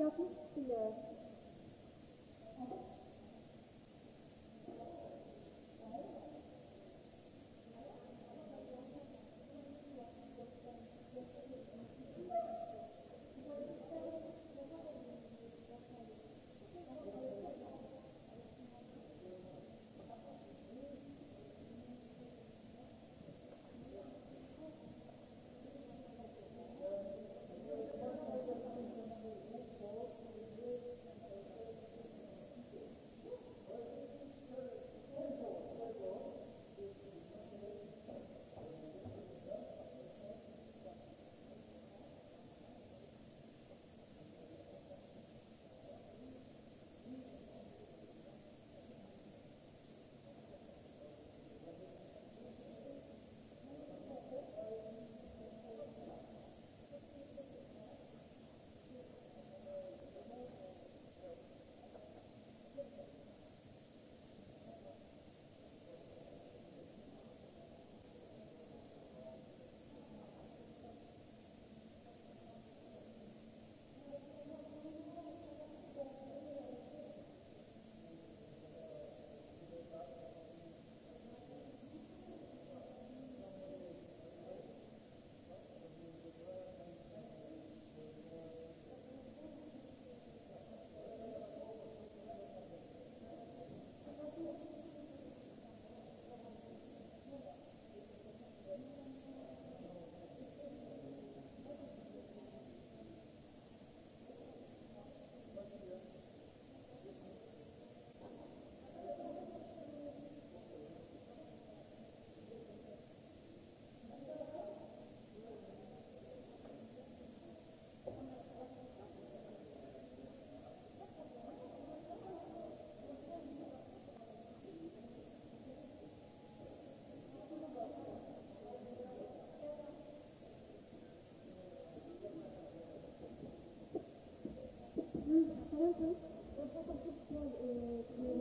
jagħtux Thank you.